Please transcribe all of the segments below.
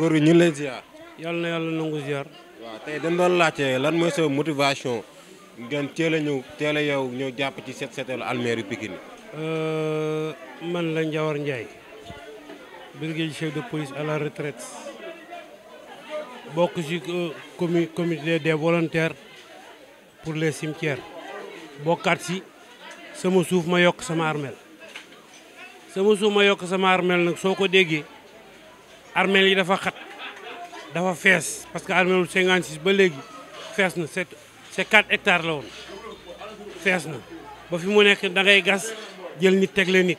góor gi ñu lay ziar. yàlla na yàlla nangu ziar. waaw tey dañ laajte lan mooy sa motivation ngeen teel a ñëw teel a yow ñëw jàpp ci set setal almeeri Pikine. Euh, man la Ndiawar Ndiaye. brigadier chef de polise à la retraite. bokk ci euh, comi comité des volontaires pour les cimetières. bokkaat ci sama suuf ma yokk sama armel sama suuf ma yokk sama armel nag soo ko déggee. armeel yi dafa xat dafa fees parce que armeelu 56 ba léegi fees na set c'est 4 hectares la woon fees na ba fi mu nekk da ngay gas jël nit teg leen nit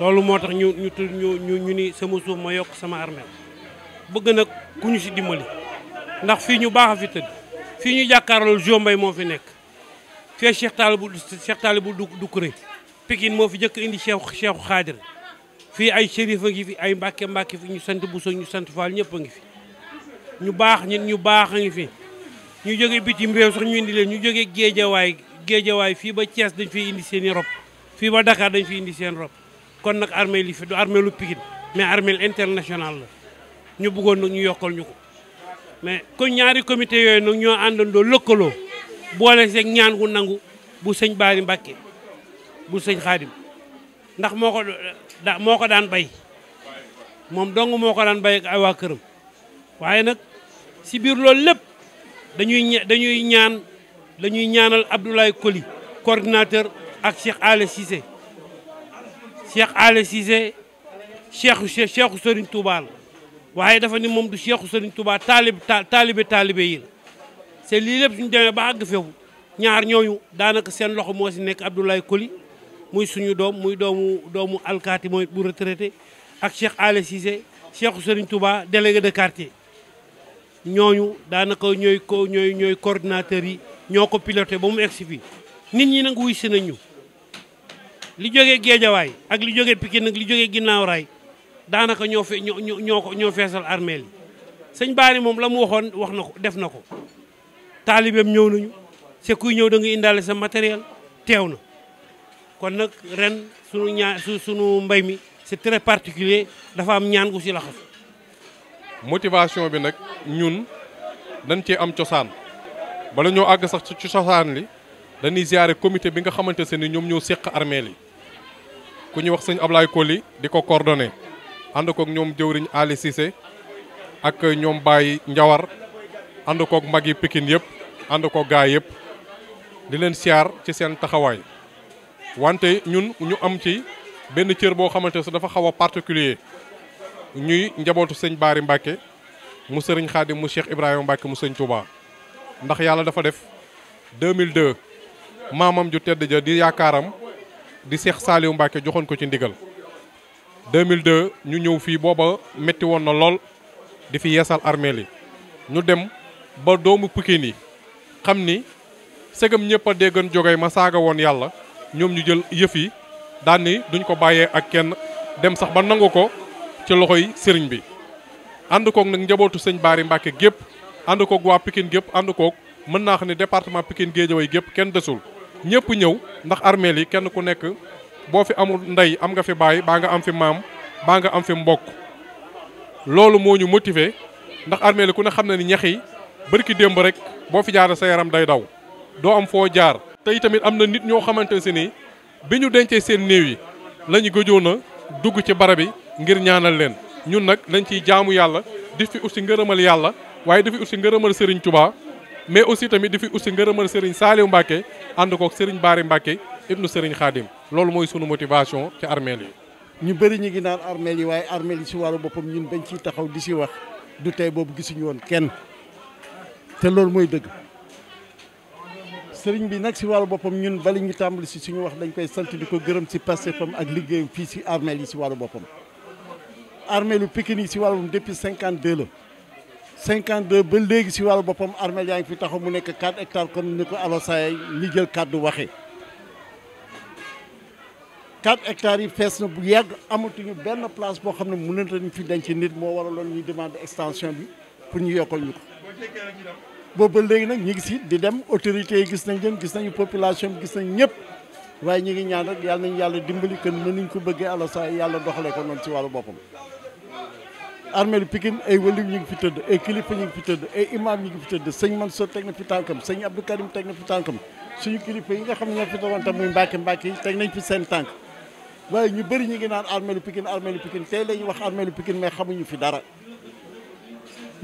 loolu moo tax ñu ñu ñu ñu ni sama suuf ma yokk sama armeel bëgg na ku ñu si dimbali ndax fii ñu baax a fi tëdd fii ñu jàkkaarlool Jo Mbaye moo fi nekk fee Cheikh Talibou Cheikh Talibou du du Dukkure Pikine moo fi jëkk indi Cheikh Cheikh Khadir fii ay shérif a ngi fi ay mbàkke mbàkke fi ñu sant Bousso ñu sant Fall ñëpp a ngi fi ñu baax ñit ñu baax a fi ñu jóge bitim réew sax ñu indi leen ñu jóge géejawaay géejawaay fii ba cees dañ fiy indi seen i rob fii ba dakaar dañ fi indi seen rob kon nag armée li fi du armée lu Pikine mais armée internationale la ñu buggoon nag ñu yokkal ñu ko mais kon ñaari comité yooyu nag ñoo àndandoo lëkkaloo boole seeg ñaan gu nangu bu sëñ Baari Mbàkke bu sëñ Xaadim ndax da moo ko daan bay moom dong moo ko daan bay ak ay waa këram waaye nag si biir loolu lépp dañuy dañuy ñaan dañuy ñaanal Abdoulaye koli coordinateur ak Cheikh Ale Cissé Cheikh Ale Cissé cheikhu cheikhu Serigne Touba waaye dafa ni moom du cheikhu Serigne Touba taalib taalibe taalibe yi la lii lépp suñu demee ba àgg feewu ñaar ñooñu daanaka seen loxo moo si nekk Abdoulaye koli muy suñu doom muy doomu doomu alkaati mooy bu retraité ak Cheikh Alé Cissé Cheikh Serigne Touba délégué de quartier ñooñu daanaka ñooy ko ñooy ñooy coordinateurs yi ñoo ko piloté ba mu egsi fii nit ñi nag wuy nañ nañu li jóge Géejawaay ak li jóge Pikine nag li jógee ginnaawraay daanaka ñoo fe ñoo feesal armeel yi sëñ Baari moom la mu waxoon wax na ko def na ko taalibeem ñëw nañu c'est kuy ñëw da nga indaale sa matériel teew na kon nag ren sunu ñaa sunu mbay mi c'est très particulier dafa am ñaan gu si laxas motivation bi nag ñun dañ cee am cosaan bala ñoo àgg sax ci cosaan li dañuy ziare comité bi nga xamante se ni ñoom ñoo séq armeel yi ku ñuy wax sëñ Ablaye li di ko coordonné ànd koog ñoom jëwriñ Ali Cissé ak ñoom bàyyi Njawar ànd koog mag yi pikin yëpp ànd koog gaay yëpp di leen siyaar ci seen taxawaay wante ñun ñu am ci benn cër boo xamante ne dafa xaw a particulier ñuy njabootu sëñ Baari Mbacke mu sëriñ Xaadim mu Cheikh Ibrahima Mbacke mu sëñ Touba. ndax yàlla dafa def 2002 maamam ju tedd di yaakaaram di Cheikh Saliou Mbacke joxoon ko ci ndigal 2002 ñu ñëw fii booba métti woon na lool di fi yeesal armeel yi ñu dem ba doomu Pikine yi xam ni segam ñëpp a déggan jógee ma saaga woon yàlla. ñoom ñu jël yëf yi daan duñ ko bàyyee ak kenn dem sax ba nangu ko ci loxoy sëriñ bi. ànd koog nag njabootu sëñ Baari Mbàkke gépp ànd koog waa Pikine gépp ànd koog mën naa xam ne département Pikine Guédiawaye gépp kenn desul. ñëpp ñëw ndax armeel yi kenn ku nekk boo fi amul ndey am nga fi baay baa nga am fi maam baa nga am fi mbokk loolu moo ñu motiver ndax armeel ku ne xam na ni ñax yi bërki démb rek boo fi jaaree sa yaram day daw doo am foo jaar. tey tamit am na nit ñoo xamante si nii bi ñu dencee seen néew yi la ñu gëjoon dugg ci barab bi ngir ñaanal leen ñun nag lañ ciy jaamu yàlla di fi aussi ngërëmal yàlla waaye di fi aussi ngërëmal Serigne Touba mais aussi tamit di fi aussi ngërëmal Serigne Saliou Mbacké ànd ko kook Serigne Bari Mbacké ibnu Serigne Khadim loolu mooy sunu motivation ci armeel yi. ñu bëri ñu ngi naan armeel yi waaye armeel yi si wàllu boppam ñun bañ ciy taxaw di si wax du tey boobu gisuñu woon kenn te loolu mooy dëgg. sëriñ bi nag si wàllu boppam ñun bali ñu tàmbali si suñu wax dañ koy sant di ko gërëm si pastéefam ak liggéeyam fii si armeel yi si wàllu boppam armeel lu Pikine yi si wàllu boppam depuis 52 la 52 ba léegi si wàllu boppam armeel yaa ngi fi taxaw mu nekk 4 hectares ko ni ko alosaay ñi jël kàddu waxee 4 hectares yi fees na bu yàgg amatuñu benn place boo xam ne mën nañu fi denc nit moo loolu ñuy demande extension bi pour ñu yokkal ñu ko boobu ba léegi nag ñu ngi si di dem autorités yi gis nañ leen gis nañu population bi gis nañ ñëpp waaye ñu ngi ñaan rek yàlla nañu yàlla dimbali kenn mën nañ ko bëggee ala sa yàlla doxalee ko noonu si wàllu boppam. armeelu Pikine ay wëliw ñu ngi fi tëdd ay kilifa ñu ngi fi tëdd ay imam ñu ngi fi tëdd sëñ Mansour teg na fi tànkam sañ Abdou Karim teg na fi tànkam suñu kilifa yi nga xam ne ñoo fi doon tam muy mbàkke mbàkke yi nañ fi seen tànk waaye ñu bëri ñu ngi naan armeelu Pikine armeelu Pikine tey la ñu wax armeelu Pikine mais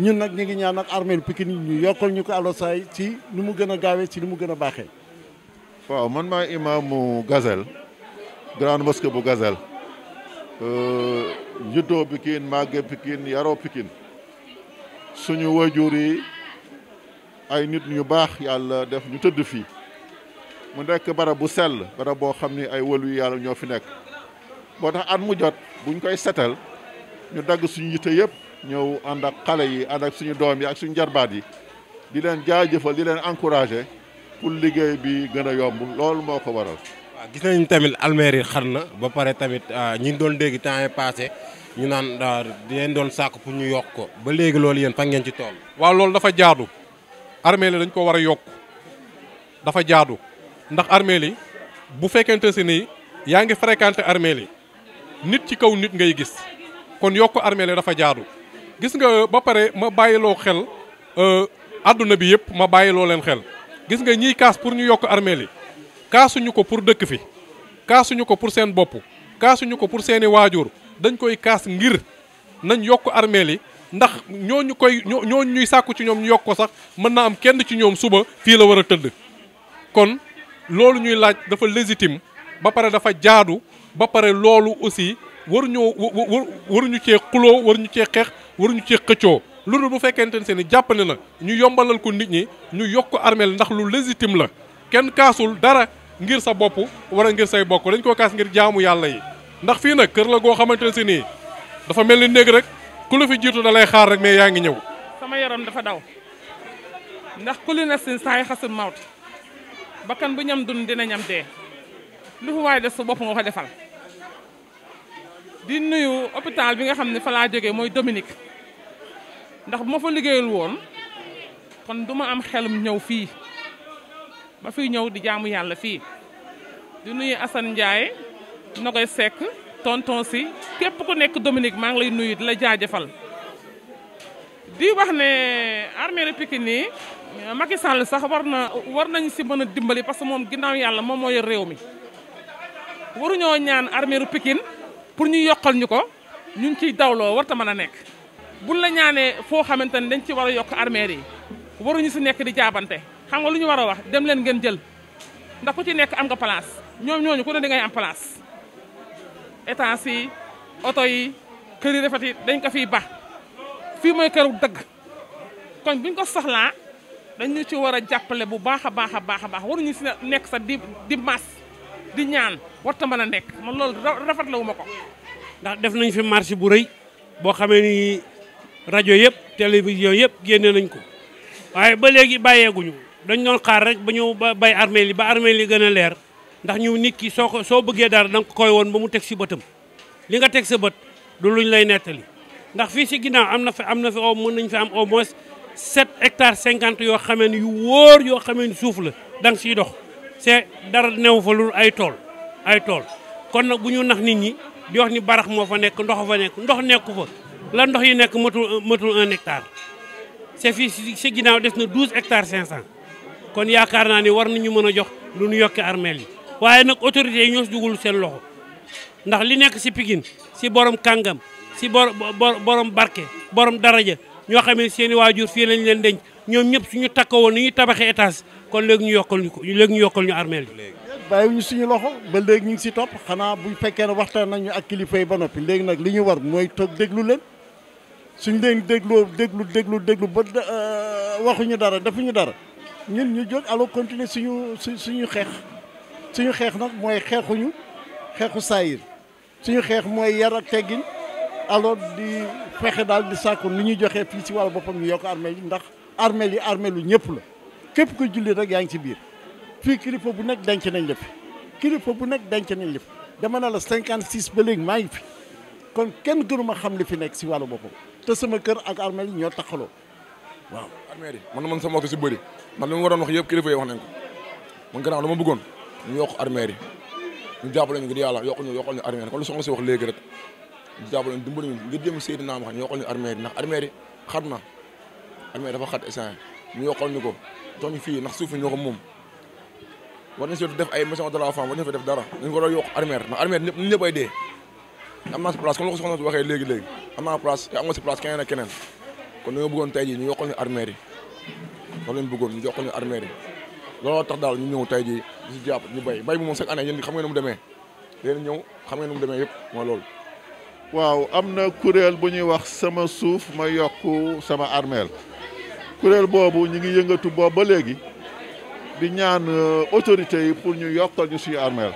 ñun nag ñu ngi ñaan ak armée lu Pikine ñu yokkal ñu ko alosaay ci nu mu gën a gaawee ci ni mu gën a baaxee. waaw man maa imaamu Gazel grande mosquée bu gasel Gazel euh, juddoo Pikine màggee Pikine yaroo Pikine suñu waajur yi ay nit ñu baax yàlla def ñu tëdd fii mu nekk barab bu sell barab boo xam ni ay wëlu yàlla ñoo fi nekk boo tax at mu jot buñ koy setal ñu dagg suñu yitte yëpp. ñëw ànd ak xale yi ànd ak suñu doom yi ak suñu jarbaat yi di leen jaajëfal di leen encouragé pour liggéey bi gën a yomb loolu moo ko waral. waaw gis nañu tamit almeer yi xar na ba pare tamit ah, ñi doon dégg temps yi ñu naan ah, di leen doon sàkk pour ñu yokk ko ba léegi loolu yéen fan ngeen ci tool. waa loolu dafa jaadu armeel yi dañ ko war a yokk dafa jaadu ndax armeel yi bu fekkente si ni yaa ngi fréquenté armeel yi nit ci kaw nit ngay gis kon yokk armeel yi dafa jaadu. gis nga ba pare ma bàyyiloo xel àdduna euh, bi yëpp ma bàyyiloo leen xel gis nga ñiy kaas pour ñu yokk armeel yi kaasuñu ko pour dëkk fi kaasuñu ko pour seen bopp kaasuñu ko pour seeni waajur dañ koy kaas ngir nañ yokk armeel yi ndax ñooñu koy ñooñu ñuy sàkku ci ñoom ñu yokk ko sax mën naa am kenn ci ñoom suba fii la war a tëdd kon loolu ñuy laaj dafa légitime ba pare dafa jaadu ba pare loolu aussi waruñoo waruñu cee xuloo waruñu cee xeex waruñu cee xëccoo lu loolu bu fekkente ne seeni jàpp ne na ñu yombalal ko nit ñi ñu yokk armeel ndax lu légitime la kenn kaasul dara ngir sa bopp wala ngir say bokk dañ koo kaas ngir jaamu yàlla yi ndax fii nag kër la goo xamante ne si nii dafa mel ni néeg rek ku la fi jiitu dalay xaar rek mais yaa ngi ñëw. sama yaram dafa daw ndax ku li nas saa yi xasul mawt bakkan bu ñam dund dina ñam dee lu fi waay def sa bopp defal. di nuyu hôpital bi nga xam ne falaa laa mooy Dominique ndax bu ma fa liggéeyul woon kon du ma am xelum ñëw fii ma fi ñëw di jaamu yàlla fii di nuyu Assane Ndiaye Nogoy sekk tonton si képp ku nekk Dominique maa ngi lay nuyu di la jaajëfal di wax ne armée de Pikine nii Macky sax war na war nañ si mën a dimbali parce que moom ginnaaw yàlla moom mooy réew mi waruñoo ñaan armée de Pikine pour ñu yokkal ñu ko ñu ngi ciy dawloo warta mën a nekk buñ la ñaanee foo xamante ne dañ ci war a yokk armeer waruñu si nekk di jaabante xam nga lu ñu war a wax dem leen ngeen jël ndax ku ci nekk am nga place ñoom ñooñu ku ne di ngay am place étances yi oto yi kër dañ ko fi ba fii mooy këru dëgg kon buñ ko soxlaa dañu ci war a jàppale bu baax a baax a baax a baax waruñu si nekk sa di di mas di ñaan warta mën a nekk man loolu rafet la wu ma ko ndax def nañ fi marché bu rëy boo xamee ni rajo yëpp télévision yëpp génne nañ ko waaye ba léegi bàyyeeguñu dañ doon xaar rek ba ñu bay armée yi ba armée li gën a leer ndax ñu nit ki soo ko soo bëggee dara da koy woon ba mu teg si bëtam li nga teg sa bët du luñ lay nettali ndax fii si ginnaaw am na fi am na fi au mën nañ fi am au moins 7 hectares 50 yoo xamee ni yu wóor yoo xamee ni suuf la danga siy dox c'est dara new fa lu ay tool ay tool kon nag bu ñu nax nit ñi di wax ni barax moo fa nekk ndox fa nekk ndox nekku fa la ndox yi nekk matul matul un hectare c'est fii si ginnaaw des na douze hectare cinq cent kon yaakaar naa ni war nañu mën a jox lu nu yokkee armeel yi waaye nag autorités yi ñoo si seen loxo ndax li nekk si Pikine si borom kàngam si bor borom barke borom daraja ñoo xam ne seen i waajur fii lañ leen denc ñoom ñëpp suñu takkawoon ni ñuy tabaxee étage kon léegi ñu yokkal ñu ko léegi ñu yokkal ñu armeel yi bàyyiwuñu suñu loxo ba léegi ñu ngi si topp xanaa bu fekkee ne waxtaan nañu ak kilifa yi ba noppi léegi nag li ñu war mooy toog déglu leen suñ leen dégloo déglu déglu déglu ba euh, waxuñu dara defuñu dara ñun ñu jóg alors continuer suñu su suñu xeex suñu xeex nag mooy xeexuñu xeexu saayir suñu xeex mooy yar ak teggin alors di fexe daal di sàkku li ñuy joxee fii si wàllu boppam ñu yokk armée yi ndax armeel yi armée lu ñëpp la képp ko julli rek yaa ngi ci biir fii kilifa bu nekk denc nañ la fi kilifa bu nekk denc nañ la dama na la 56 ba léegi maa ngi fi kon kenn gënu ma xam li fi nekk si wàllu boppam te sama kër ak armée yi ñoo taxaloo waaw. armée yi man man sama waxtu si bëri man na ma waroon wax yëpp kilifa yi wax nañ ko man gannaaw dama bëggoon ñu yokk armée yi ñu jàppale ñu ngir yàlla yokk ñu yokkal ñu armée yi kon lu soxna si wax léegi rek ñu jàppale ñu dimbali ñu ngir jëm Seydina Muhammad ñu yokkal ñu ndax armée yi na armée dafa xat instant ñu yokkal ñu ko jox ñu fii ndax suuf ñoo moom war nañ si def ay maison de la femme war nañ fa def dara dañ war a yokk armère ndax armère ñëpp ñëpp ay dee am naa si place comme la ko soxna si waxee léegi léegi am naa place am nga si place keneen ak keneen kon dañoo bëggoon tey jii ñu yokkal ñu armère yi loolu lañ ñu yokkal ñu armère yi tax daal ñu ñëw tey jii di si jàpp ñu bay bay bi moom chaque année yéen xam ngeen nu mu demee léen ñëw xam ngeen nu mu demee yëpp mooy loolu waaw am na kuréel bu ñuy wax sama suuf ma yokk sama armeel kuréel boobu ñu ngi yëngatu boobu ba léegi di ñaan euh, autorités yi pour ñu yokkal ñu suñu armeel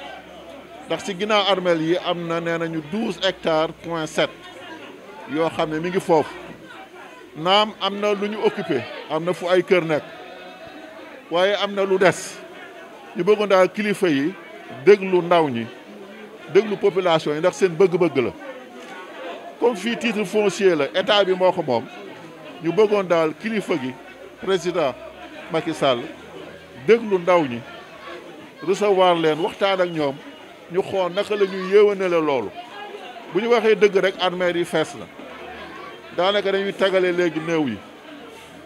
ndax ci ginnaaw armeel yi am na nee nañu douze hectares point sept yoo xam ne mi ngi foofu naam am na lu ñu occupé am na fu ay kër nekk waaye am na lu des ñu bëggoon daal kilifa yi déglu ndaw ñi déglu population yi ndax seen bëgg-bëgg la comme fii titre foncier la état bi moo ko moom ñu bëggoon daal kilifa gi président Macky déglu ndaw ñi recevoir leen waxtaan ak ñoom ñu xool naka lañuy ñuy yéwénale loolu bu ñu waxee dëgg rek armeel yi fees na daanaka dañuy tagale léegi néew yi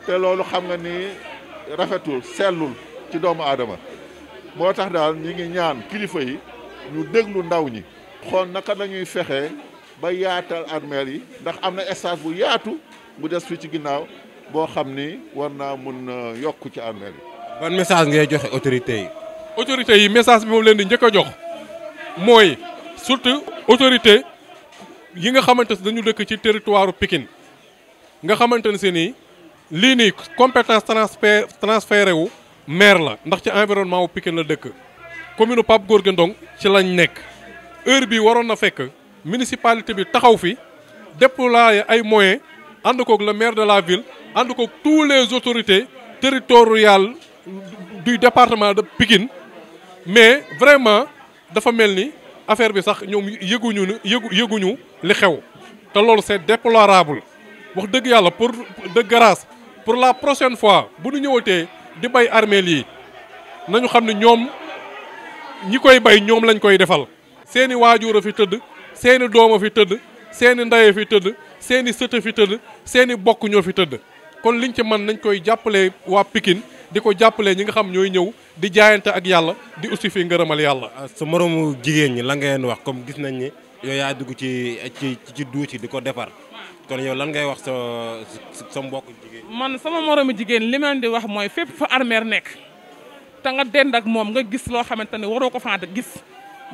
te loolu xam nga ni rafetul sellul ci doomu aadama moo tax daal ñi ngi ñaan kilifa yi ñu déglu ndaw ñi xool naka nañuy fexe ba yaatal armeel yi ndax am na espace bu yaatu bu des fii ci ginnaaw boo xam ni war naa mun yokk ci armeel yi ban message ngay joxe autorités yi. autorités yi message bi moom leen di njëkk a jox mooy surtout autorité yi nga xamante ne dañu dëkk ci territoire Pikine nga xamante ne si nii lii nii compétence transfert transféré wu maire la ndax ci environnement wu la dëkk. commune Pape Gorgui ci lañ nekk heure bi waroon na fekk municipalité bi taxaw fi déployer ay moyens ànd koog le maire de la ville ànd koog tous les autorités territoriales. du département de Pikine mais vraiment dafa mel ni affaire bi sax ñoom yëguñu ne yëgu yëguñu li xew te loolu seet déplorable wax dëgg yàlla pour de grâce pour la prochaine fois bu ñu ñëwatee di bay armeel yi nañu xam ne ñoom ñi koy bay ñoom lañ koy defal seeni waajur a fi tëdd seeni doom a fi tëdd seeni nday a fi tëdd seeni sët a fi tëdd seeni bokk fi tëdd kon liñ ci man nañ koy jàppale waa Pikine di ko jàppale ñi nga xam ñooy ñëw di jaayante ak yàlla di aussi fi ngërëmal yàlla. Ah, sa moromu jigéen ñi lan ngeen wax comme gis nañ ni yow yaa dugg ci ci ci duus yi di ko defar kon yow lan ngay wax sa mbokk man sama moromu jigéen li ma leen di wax mooy fépp fa armeer nekk te nga dend ak moom nga gis loo xamante ne waroo ko faa gis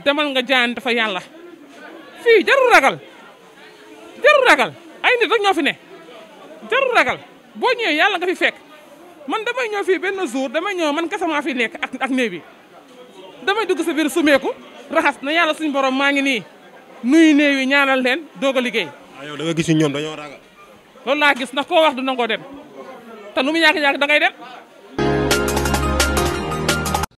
demal nga jaayante fa yàlla fii jarul ragal jarul ragal ay nit rek fi ne jarul ragal boo ñëwee yàlla nga fi fekk. man damay ñëw fii benn jour damay ñëw man kese maa fi nekk ak ak néew bi damay dugg sa biir sumeeku raxas na yàlla suñu borom maa ngi nii nuyu néew ñaanal leen doog a liggéey. waaw ah, yow da nga ñoom dañoo ragal. loolu laa gis ndax koo wax du nangoo dem tan lu mu yàgg-yàgg da ngay dem.